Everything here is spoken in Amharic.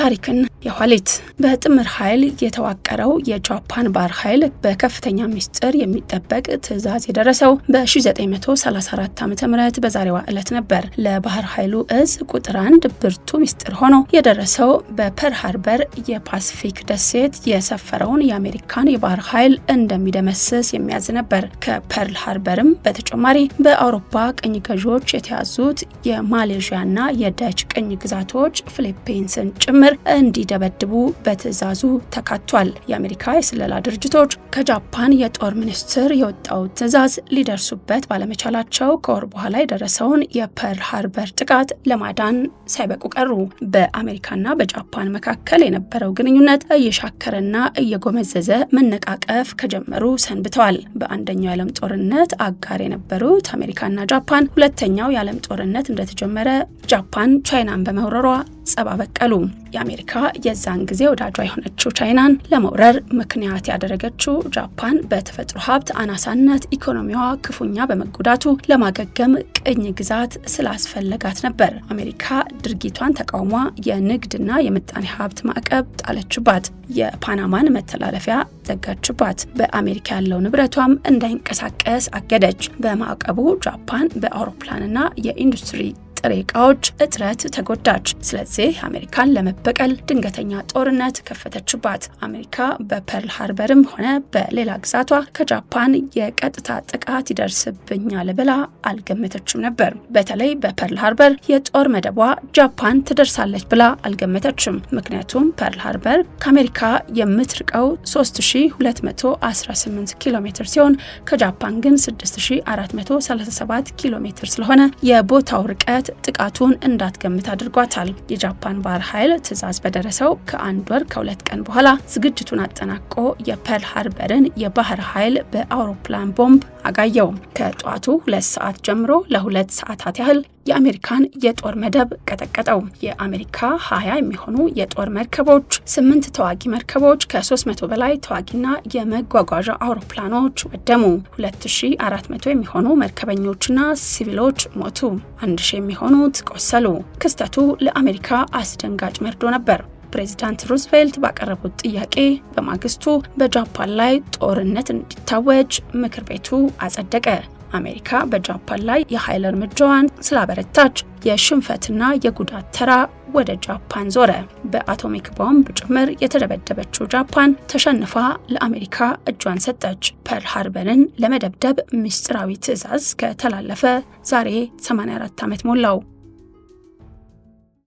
ታሪክን የኋሊት በጥምር ኃይል የተዋቀረው የጃፓን ባህር ኃይል በከፍተኛ ምስጢር የሚጠበቅ ትዕዛዝ የደረሰው በ1934 ዓ ም በዛሬዋ ዕለት ነበር። ለባህር ኃይሉ እዝ ቁጥር አንድ ብርቱ ምስጢር ሆኖ የደረሰው በፐር ሃርበር የፓስፊክ ደሴት የሰፈረውን የአሜሪካን የባህር ኃይል እንደሚደመስስ የሚያዝ ነበር። ከፐርል ሃርበርም በተጨማሪ በአውሮፓ ቅኝ ገዢዎች የተያዙት የማሌዥያና የደች ቅኝ ግዛቶች ፊሊፒንስን ጭምር ጭምር እንዲደበድቡ በትዕዛዙ ተካቷል። የአሜሪካ የስለላ ድርጅቶች ከጃፓን የጦር ሚኒስትር የወጣው ትዕዛዝ ሊደርሱበት ባለመቻላቸው ከወር በኋላ የደረሰውን የፐርል ሃርበር ጥቃት ለማዳን ሳይበቁ ቀሩ። በአሜሪካና በጃፓን መካከል የነበረው ግንኙነት እየሻከረና እየጎመዘዘ መነቃቀፍ ከጀመሩ ሰንብተዋል። በአንደኛው የዓለም ጦርነት አጋር የነበሩት አሜሪካና ጃፓን ሁለተኛው የዓለም ጦርነት እንደተጀመረ ጃፓን ቻይናን በመውረሯ ጸባ በቀሉ። የአሜሪካ የዛን ጊዜ ወዳጇ የሆነችው ቻይናን ለመውረር ምክንያት ያደረገችው ጃፓን በተፈጥሮ ሀብት አናሳነት ኢኮኖሚዋ ክፉኛ በመጎዳቱ ለማገገም ቅኝ ግዛት ስላስፈለጋት ነበር። አሜሪካ ድርጊቷን ተቃውሟ የንግድና የምጣኔ ሀብት ማዕቀብ ጣለችባት። የፓናማን መተላለፊያ ዘጋችባት። በአሜሪካ ያለው ንብረቷም እንዳይንቀሳቀስ አገደች። በማዕቀቡ ጃፓን በአውሮፕላንና የኢንዱስትሪ ጥሬ እቃዎች እጥረት ተጎዳች። ስለዚህ አሜሪካን ለመበቀል ድንገተኛ ጦርነት ከፈተችባት። አሜሪካ በፐርል ሃርበርም ሆነ በሌላ ግዛቷ ከጃፓን የቀጥታ ጥቃት ይደርስብኛል ብላ አልገመተችም ነበር። በተለይ በፐርል ሃርበር የጦር መደቧ ጃፓን ትደርሳለች ብላ አልገመተችም። ምክንያቱም ፐርል ሃርበር ከአሜሪካ የምትርቀው 3218 ኪሎ ሜትር ሲሆን ከጃፓን ግን 6437 ኪሎ ሜትር ስለሆነ የቦታው ርቀት ጥቃቱን እንዳትገምት አድርጓታል። የጃፓን ባህር ኃይል ትዕዛዝ በደረሰው ከአንድ ወር ከሁለት ቀን በኋላ ዝግጅቱን አጠናቆ የፐርል ሃርበርን የባህር ኃይል በአውሮፕላን ቦምብ አጋየው። ከጠዋቱ ሁለት ሰዓት ጀምሮ ለሁለት ሰዓታት ያህል የአሜሪካን የጦር መደብ ቀጠቀጠው። የአሜሪካ ሀያ የሚሆኑ የጦር መርከቦች፣ ስምንት ተዋጊ መርከቦች፣ ከ300 በላይ ተዋጊና የመጓጓዣ አውሮፕላኖች ወደሙ። 2400 የሚሆኑ መርከበኞችና ሲቪሎች ሞቱ። 1ሺ የሆኑት ቆሰሉ። ክስተቱ ለአሜሪካ አስደንጋጭ መርዶ ነበር። ፕሬዚዳንት ሩዝቬልት ባቀረቡት ጥያቄ በማግስቱ በጃፓን ላይ ጦርነት እንዲታወጅ ምክር ቤቱ አጸደቀ። አሜሪካ በጃፓን ላይ የኃይል እርምጃዋን ስላበረታች የሽንፈትና የጉዳት ተራ ወደ ጃፓን ዞረ። በአቶሚክ ቦምብ ጭምር የተደበደበችው ጃፓን ተሸንፋ ለአሜሪካ እጇን ሰጠች። ፐርል ሃርበርን ለመደብደብ ምስጢራዊ ትዕዛዝ ከተላለፈ ዛሬ 84 ዓመት ሞላው።